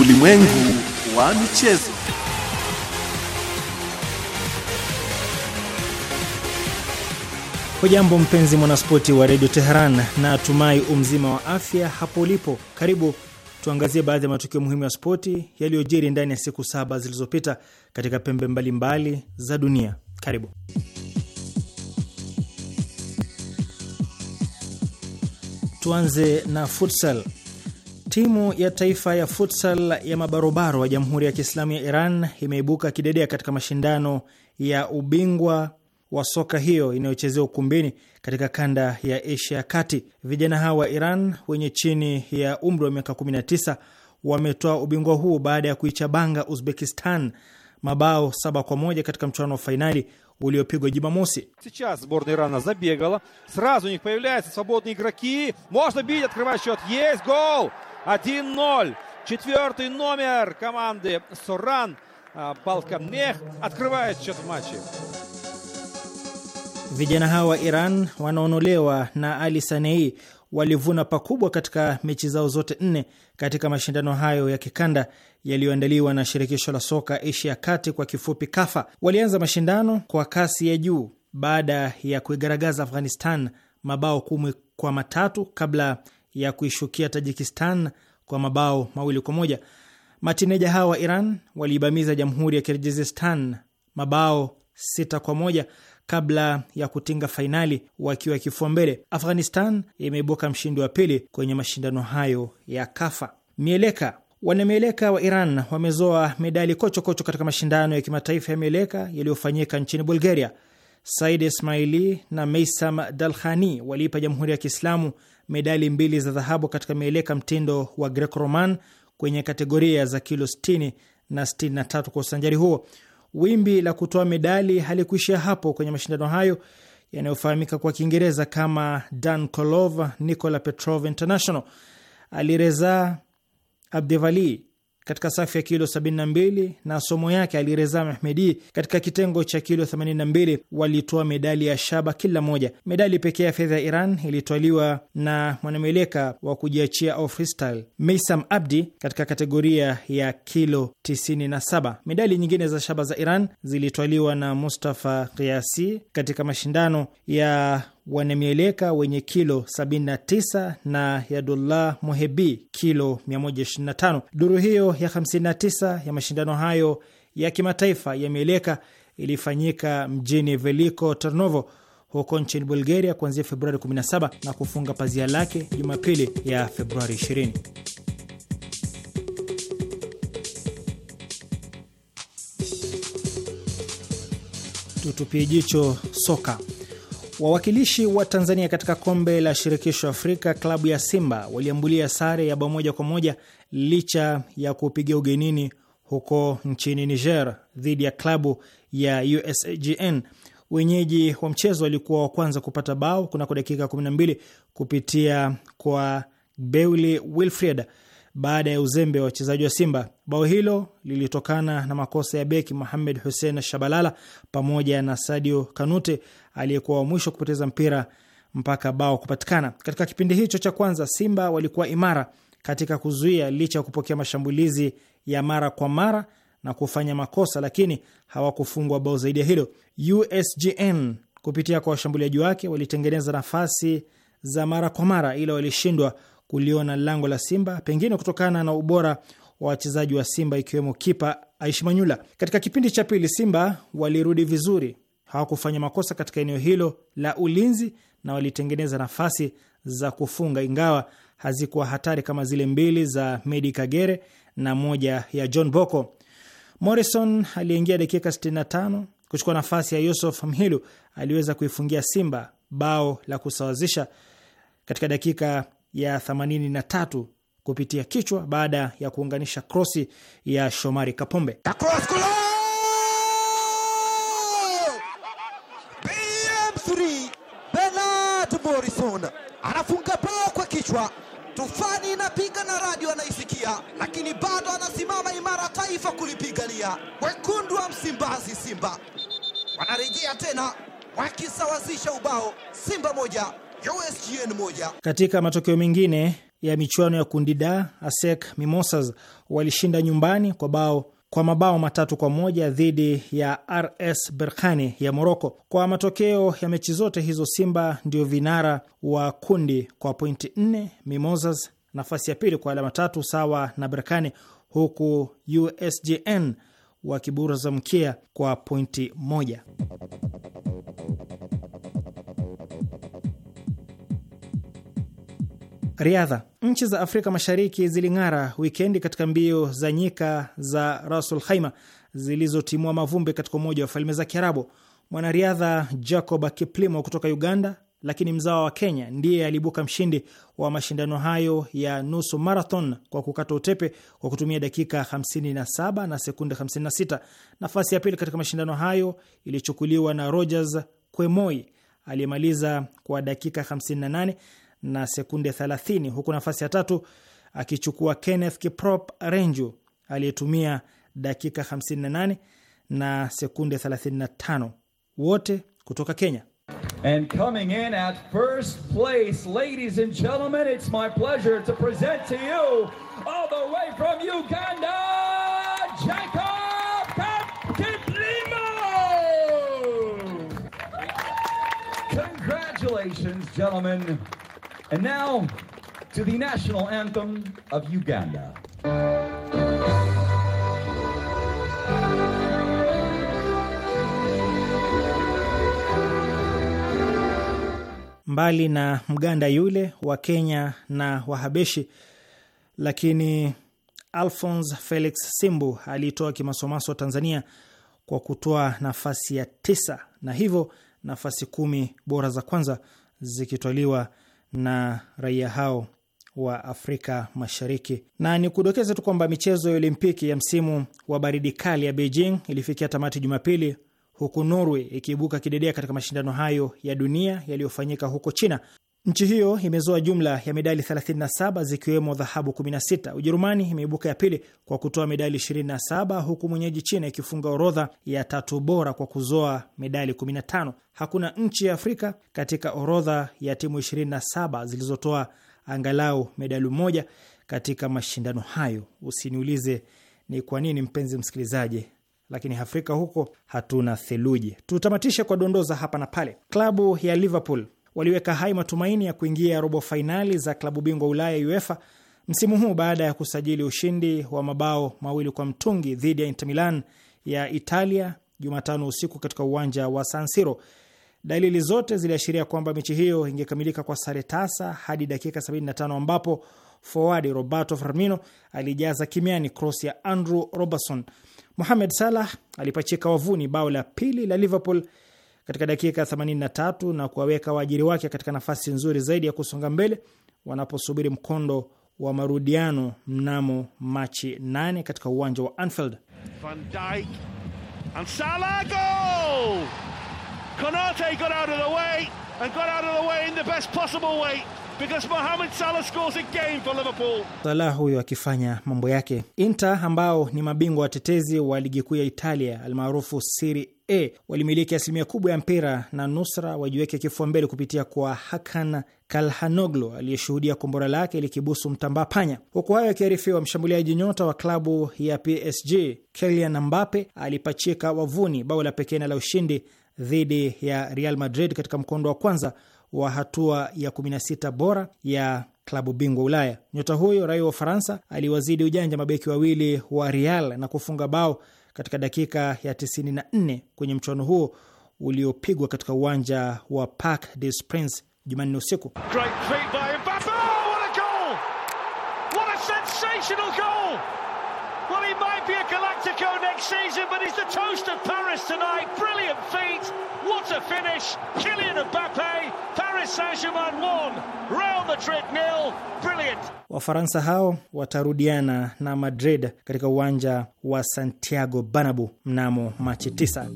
Ulimwengu wa Michezo. Hujambo mpenzi mwanaspoti wa redio Teheran na atumai umzima wa afya hapo ulipo. Karibu tuangazie baadhi ya matukio muhimu ya spoti yaliyojiri ndani ya siku saba zilizopita katika pembe mbalimbali mbali za dunia. Karibu. Tuanze na futsal. Timu ya taifa ya futsal ya mabarobaro wa Jamhuri ya Kiislamu ya Iran imeibuka kidedea katika mashindano ya ubingwa wa soka hiyo inayochezea ukumbini katika kanda ya Asia ya kati. Vijana hawa wa Iran wenye chini ya umri wa miaka 19 wametoa ubingwa huo baada ya kuichabanga Uzbekistan mabao saba kwa moja katika mchuano wa fainali uliopigwa Jumamosi. Сейчас сборная Ирана забегала. Сразу у них появляются свободные игроки. Можно бить, открывать счет. Есть гол! 1-0. Четвертый номер команды Соран Балкамех открывает счет в матче. Vijana hawa wa Iran wanaonolewa na Ali Sanei walivuna pakubwa katika mechi zao zote nne katika mashindano hayo ya kikanda yaliyoandaliwa na shirikisho la soka Asia ya kati kwa kifupi KAFA. Walianza mashindano kwa kasi ya juu baada ya kuigaragaza Afghanistan mabao kumi kwa matatu kabla ya kuishukia Tajikistan kwa mabao mawili kwa moja. Matineja hawa wa Iran waliibamiza Jamhuri ya Kirgizistan mabao sita kwa moja kabla ya kutinga fainali wakiwa kifua mbele. Afghanistan imeibuka mshindi wa pili kwenye mashindano hayo ya Kafa. Mieleka. Wanamieleka wa Iran wamezoa medali kochokocho kocho katika mashindano ya kimataifa ya mieleka yaliyofanyika nchini Bulgaria. Said Ismaili na Meisam dalhani waliipa Jamhuri ya Kiislamu medali mbili za dhahabu katika mieleka mtindo wa Greco Roman kwenye kategoria za kilo 60 na 63 kwa usanjari huo. Wimbi la kutoa medali halikuishia hapo kwenye mashindano hayo yanayofahamika kwa Kiingereza kama dan Dankolov Nikola Petrov International. Alireza Abdevali katika safu ya kilo 72 na somo yake Alireza Mehmedi katika kitengo cha kilo 82 walitoa medali ya shaba kila moja. Medali pekee ya fedha ya Iran ilitwaliwa na mwanameleka wa kujiachia au freestyle Meisam Abdi katika kategoria ya kilo 97. Medali nyingine za shaba za Iran zilitwaliwa na Mustafa Kiasi katika mashindano ya wanamieleka wenye kilo 79 na Yadullah muhebi kilo 125. Duru hiyo ya 59 ya mashindano hayo ya kimataifa ya mieleka ilifanyika mjini Veliko Tarnovo huko nchini Bulgaria kuanzia Februari 17 na kufunga pazia lake Jumapili ya Februari 20. Tutupie jicho soka. Wawakilishi wa Tanzania katika kombe la shirikisho Afrika, klabu ya Simba waliambulia sare ya bao moja kwa moja licha ya kupiga ugenini huko nchini Niger dhidi ya klabu ya USGN. Wenyeji wa mchezo walikuwa wa kwanza kupata bao kunako dakika 12 kupitia kwa Beuli Wilfred baada ya uzembe wa wachezaji wa Simba. Bao hilo lilitokana na makosa ya beki muhamed Hussein Shabalala pamoja na Sadio Kanute aliyekuwa wa mwisho kupoteza mpira mpaka bao kupatikana. Katika kipindi hicho cha kwanza, Simba walikuwa imara katika kuzuia, licha ya kupokea mashambulizi ya mara kwa mara na kufanya makosa, lakini hawakufungwa bao zaidi ya hilo. USGN kupitia kwa washambuliaji wake walitengeneza nafasi za mara kwa mara, ila walishindwa kuliona lango la Simba, pengine kutokana na ubora wa wachezaji wa Simba ikiwemo kipa Aishi Manyula. Katika kipindi cha pili, Simba walirudi vizuri hawakufanya makosa katika eneo hilo la ulinzi na walitengeneza nafasi za kufunga, ingawa hazikuwa hatari kama zile mbili za Medi Kagere na moja ya John Boko. Morrison aliyeingia dakika 65 kuchukua nafasi ya Yusuf Mhilu aliweza kuifungia Simba bao la kusawazisha katika dakika ya 83 kupitia kichwa baada ya kuunganisha krosi ya Shomari Kapombe. Cross, kichwa. Tufani inapiga na radio anaisikia, lakini bado anasimama imara taifa kulipigania. Wekundu wa Msimbazi, Simba wanarejea tena wakisawazisha ubao, Simba moja USGN moja. Katika matokeo mengine ya michuano ya kundi D, ASEC Mimosas walishinda nyumbani kwa bao kwa mabao matatu kwa moja dhidi ya RS Berkane ya Moroko. Kwa matokeo ya mechi zote hizo, Simba ndio vinara wa kundi kwa pointi nne, Mimosas nafasi ya pili kwa alama tatu sawa na Berkane, huku USJN za mkia kwa pointi moja. Riadha. Nchi za Afrika Mashariki ziling'ara wikendi katika mbio za nyika za Rasul Khaima zilizotimua mavumbi katika Umoja wa Falme za Kiarabu. Mwanariadha Jacob Kiplimo kutoka Uganda, lakini mzawa wa Kenya, ndiye aliibuka mshindi wa mashindano hayo ya nusu marathon kwa kukata utepe kwa kutumia dakika 57 na sekunde 56. Nafasi ya pili katika mashindano hayo ilichukuliwa na Rogers Kwemoi aliyemaliza kwa dakika 58 na sekunde 30, huku nafasi ya tatu akichukua Kenneth Kiprop Renju aliyetumia dakika 58 na sekunde 35, wote kutoka Kenya. And coming in at first place, ladies and gentlemen, it's my pleasure to present to you, all the way from Uganda, Jacob Kiplimo! Congratulations, gentlemen. And now to the national anthem of Uganda. Mbali na Mganda yule wa Kenya na Wahabeshi, lakini Alphonse Felix Simbu aliitoa kimasomaso Tanzania kwa kutoa nafasi ya tisa na hivyo nafasi kumi bora za kwanza zikitwaliwa na raia hao wa Afrika Mashariki. Na ni kudokeza tu kwamba michezo ya Olimpiki ya msimu wa baridi kali ya Beijing ilifikia tamati Jumapili, huku Norway ikiibuka kidedea katika mashindano hayo ya dunia yaliyofanyika huko China. Nchi hiyo imezoa jumla ya medali 37 zikiwemo dhahabu 16. Ujerumani imeibuka ya pili kwa kutoa medali 27 huku mwenyeji China ikifunga orodha ya tatu bora kwa kuzoa medali 15. Hakuna nchi ya Afrika katika orodha ya timu 27 zilizotoa angalau medali moja katika mashindano hayo. Usiniulize ni kwa nini, mpenzi msikilizaji, lakini Afrika huko hatuna theluji. Tutamatishe kwa dondoza hapa na pale. Klabu ya Liverpool waliweka hai matumaini ya kuingia robo fainali za klabu bingwa Ulaya UEFA msimu huu baada ya kusajili ushindi wa mabao mawili kwa mtungi dhidi ya Inter Milan ya Italia Jumatano usiku katika uwanja wa San Siro. Dalili zote ziliashiria kwamba mechi hiyo ingekamilika kwa sare tasa hadi dakika 75 ambapo forward Roberto Firmino alijaza kimiani cross ya Andrew Robertson. Mohamed Salah alipachika wavuni bao la pili la Liverpool katika dakika 83 na kuwaweka waajiri wake katika nafasi nzuri zaidi ya kusonga mbele wanaposubiri mkondo wa marudiano mnamo Machi 8 katika uwanja wa Anfield. Van Dijk and Salah goal! Konate got out of the way and got out of the way in the best possible way. Because Mohamed Salah scores again for Liverpool. Salah huyo akifanya mambo yake. Inter ambao ni mabingwa watetezi wa ligi kuu ya Italia almaarufu Serie A walimiliki asilimia kubwa ya mpira na nusra wajiweke kifua mbele kupitia kwa Hakan Kalhanoglu aliyeshuhudia kombora lake likibusu mtambaa panya. Huku hayo akiarifiwa, mshambuliaji nyota wa klabu ya PSG Kylian Mbappe alipachika wavuni bao la pekee na la ushindi dhidi ya Real Madrid katika mkondo wa kwanza wa hatua ya 16 bora ya klabu bingwa Ulaya. Nyota huyo raia wa Ufaransa aliwazidi ujanja mabeki wawili wa Real na kufunga bao katika dakika ya 94 kwenye mchuano huo uliopigwa katika uwanja wa Parc des Princes Jumanne usiku. Monaco next season, but he's the toast of Paris tonight. Brilliant feat. What a finish. Kylian Mbappe, Paris Saint-Germain won. Real Madrid nil. Brilliant. Wafaransa hao watarudiana na Madrid katika uwanja wa Santiago Bernabeu mnamo Machi 9.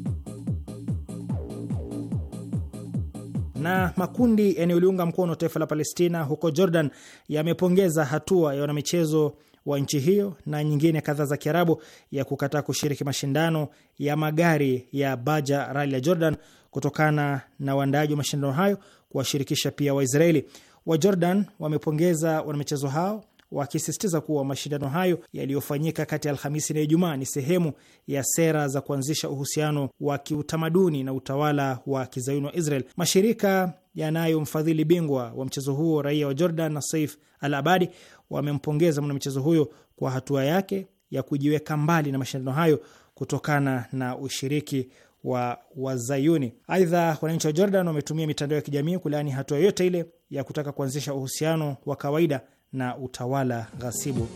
na makundi yanayoliunga mkono taifa la Palestina huko Jordan yamepongeza hatua ya wanamichezo wa nchi hiyo na nyingine kadhaa za Kiarabu ya kukataa kushiriki mashindano ya magari ya Baja Rali ya Jordan kutokana na waandaaji wa mashindano hayo kuwashirikisha pia Waisraeli. Wajordan wamepongeza wanamichezo hao wakisisitiza kuwa mashindano hayo yaliyofanyika kati ya Alhamisi na Ijumaa ni sehemu ya sera za kuanzisha uhusiano wa kiutamaduni na utawala wa kizayuni wa Israel. Mashirika yanayomfadhili bingwa wa mchezo huo raia wa Jordan na Saif Al Abadi wamempongeza mwanamichezo huyo kwa hatua yake ya kujiweka mbali na mashindano hayo kutokana na ushiriki wa wazayuni. Aidha, wananchi wa Jordan wametumia mitandao ya kijamii kulaani hatua yoyote ile ya kutaka kuanzisha uhusiano wa kawaida na utawala ghasibu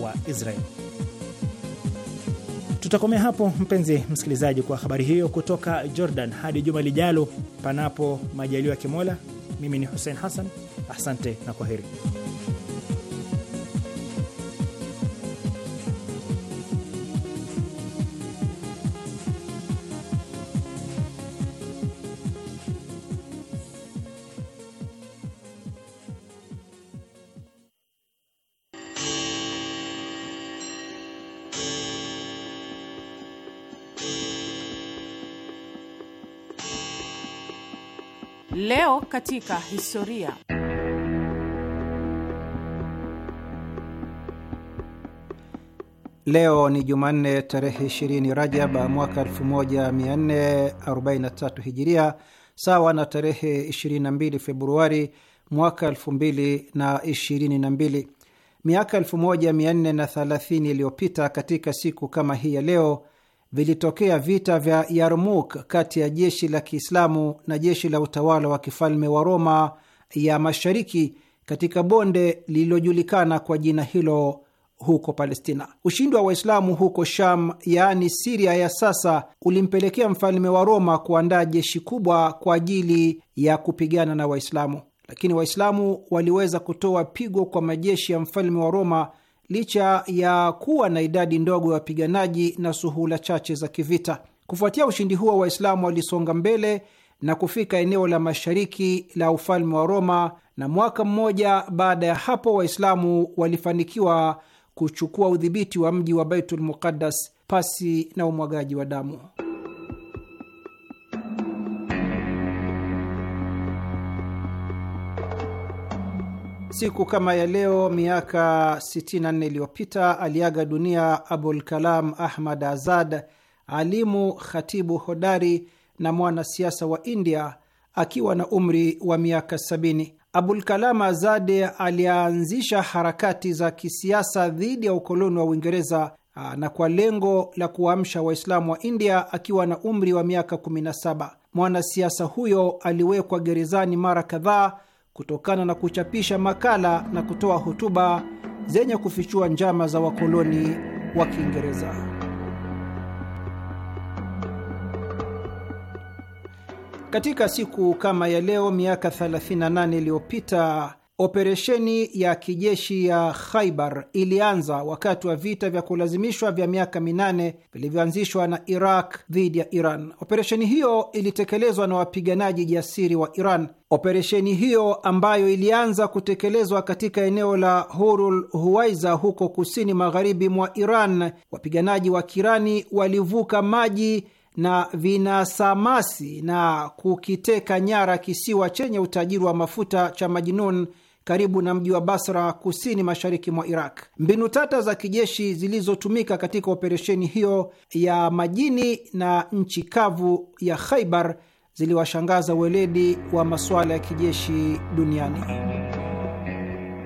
wa Israel. Tutakomea hapo mpenzi msikilizaji, kwa habari hiyo kutoka Jordan. Hadi juma lijalo, panapo majaliwa ya Kimola. Mimi ni Hussein Hassan, asante na kwa heri Leo katika historia. Leo ni Jumanne tarehe 20 Rajab mwaka 1443 Hijiria, sawa na tarehe 22 Februari mwaka 2022. Miaka 1430 iliyopita katika siku kama hii ya leo vilitokea vita vya Yarmuk kati ya jeshi la Kiislamu na jeshi la utawala wa kifalme wa Roma ya Mashariki katika bonde lililojulikana kwa jina hilo huko Palestina. Ushindi wa Waislamu huko Sham, yaani Siria ya sasa, ulimpelekea mfalme wa Roma kuandaa jeshi kubwa kwa ajili ya kupigana na Waislamu, lakini Waislamu waliweza kutoa pigo kwa majeshi ya mfalme wa Roma licha ya kuwa na idadi ndogo ya wapiganaji na suhula chache za kivita. Kufuatia ushindi huo, Waislamu walisonga mbele na kufika eneo la mashariki la ufalme wa Roma, na mwaka mmoja baada ya hapo Waislamu walifanikiwa kuchukua udhibiti wa mji wa Baitul Muqaddas pasi na umwagaji wa damu. Siku kama ya leo miaka 64 iliyopita aliaga dunia Abul Kalam Ahmad Azad, alimu, khatibu hodari na mwanasiasa wa India akiwa na umri wa miaka 70. Abul Kalam Azad alianzisha harakati za kisiasa dhidi ya ukoloni wa Uingereza ah, na kwa lengo la kuwaamsha Waislamu wa India akiwa na umri wa miaka 17. Mwanasiasa huyo aliwekwa gerezani mara kadhaa kutokana na kuchapisha makala na kutoa hotuba zenye kufichua njama za wakoloni wa Kiingereza. Katika siku kama ya leo miaka 38 iliyopita Operesheni ya kijeshi ya Khaibar ilianza wakati wa vita vya kulazimishwa vya miaka minane vilivyoanzishwa na Iraq dhidi ya Iran. Operesheni hiyo ilitekelezwa na wapiganaji jasiri wa Iran. Operesheni hiyo ambayo ilianza kutekelezwa katika eneo la Hurul Huwaiza huko kusini magharibi mwa Iran, wapiganaji wa Kirani walivuka maji na vinasamasi na kukiteka nyara kisiwa chenye utajiri wa mafuta cha Majnun karibu na mji wa Basra, kusini mashariki mwa Iraq. Mbinu tata za kijeshi zilizotumika katika operesheni hiyo ya majini na nchi kavu ya Khaibar ziliwashangaza weledi wa masuala ya kijeshi duniani.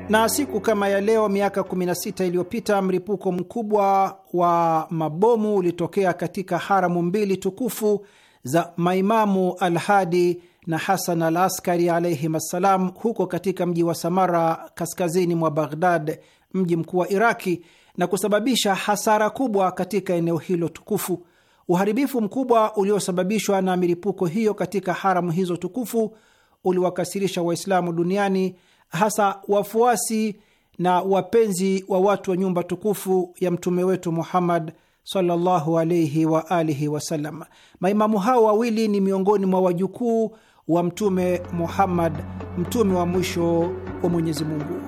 Na siku kama ya leo miaka 16 iliyopita mlipuko mkubwa wa mabomu ulitokea katika haramu mbili tukufu za maimamu Alhadi na Hasan al Askari alaihim assalam huko katika mji wa Samara kaskazini mwa Baghdad, mji mkuu wa Iraki, na kusababisha hasara kubwa katika eneo hilo tukufu. Uharibifu mkubwa uliosababishwa na milipuko hiyo katika haramu hizo tukufu uliwakasirisha Waislamu duniani, hasa wafuasi na wapenzi wa watu wa nyumba tukufu ya mtume wetu Muhammad sallallahu alaihi wa alihi wasallam. Maimamu hao wawili ni miongoni mwa wajukuu wa Mtume Muhammad, mtume wa mwisho wa Mwenyezi Mungu.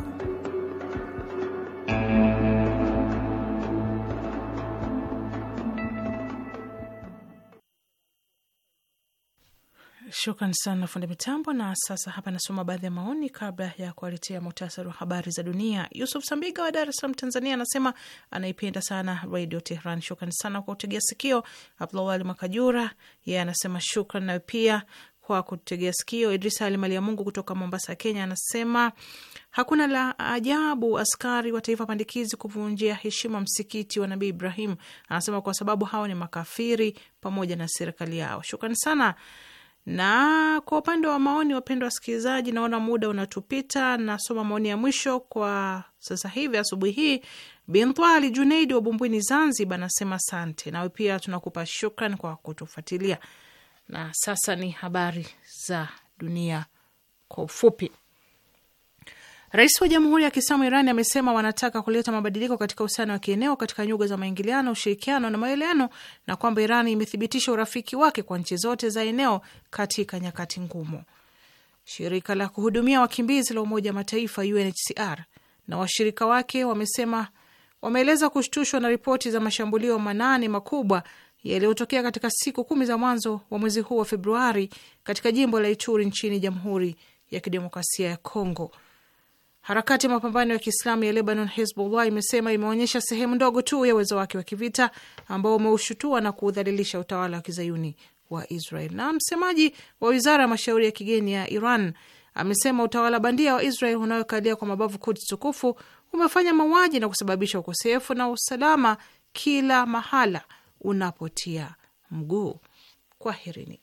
Shukran sana fundi mitambo. Na sasa hapa nasoma baadhi ya maoni kabla ya kuwaletea muhtasari wa habari za dunia. Yusuf Sambiga wa Dar es Salaam, Tanzania, anasema anaipenda sana Radio Tehran. Shukran sana kwa utegea sikio. Abdullah Makajura yeye anasema shukran nayo pia kwa kutegea sikio. Idrisa Ali Mali ya Mungu kutoka Mombasa, Kenya, anasema hakuna la ajabu askari wa taifa pandikizi kuvunjia heshima msikiti wa Nabii Ibrahim. Anasema kwa sababu hawa ni makafiri pamoja na serikali yao. Shukrani sana. Na kwa upande wa maoni, wapendwa wasikilizaji, naona muda unatupita. Nasoma maoni ya mwisho kwa sasa hivi asubuhi hii. Bintwali Junaidi wa Bumbwini, Zanzibar, anasema asante. Nawe pia tunakupa shukran kwa kutufuatilia. Na sasa ni habari za dunia kwa ufupi. Rais wa Jamhuri ya Kiislamu Irani amesema wanataka kuleta mabadiliko katika uhusiano wa kieneo katika nyuga za maingiliano, ushirikiano na maelewano, na kwamba Irani imethibitisha urafiki wake kwa nchi zote za eneo katika nyakati ngumu. Shirika la kuhudumia wakimbizi la Umoja wa Mataifa UNHCR na washirika wake wamesema wameeleza kushtushwa na ripoti za mashambulio manane makubwa yaliyotokea katika siku kumi za mwanzo wa mwezi huu wa Februari katika jimbo la Ituri nchini Jamhuri ya Kidemokrasia ya Kongo. Harakati ya mapambano ya Kiislamu ya Lebanon, Hezbollah, imesema imeonyesha sehemu ndogo tu ya uwezo wake wa kivita ambao umeushutua na kuudhalilisha utawala wa kizayuni wa Israel. Na msemaji wa wizara ya mashauri ya kigeni ya Iran amesema utawala bandia wa Israel unaokalia kwa mabavu Kuds tukufu umefanya mauaji na kusababisha ukosefu na usalama kila mahala unapotia mguu. Kwaherini.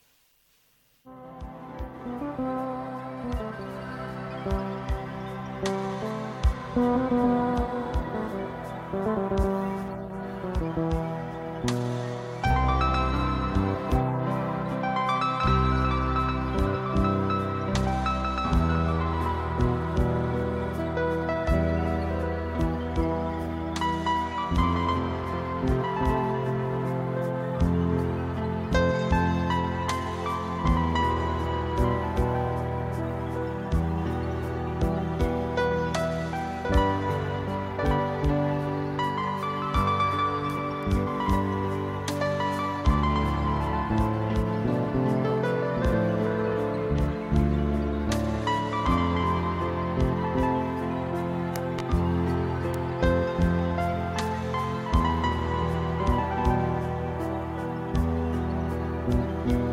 Mm-hmm.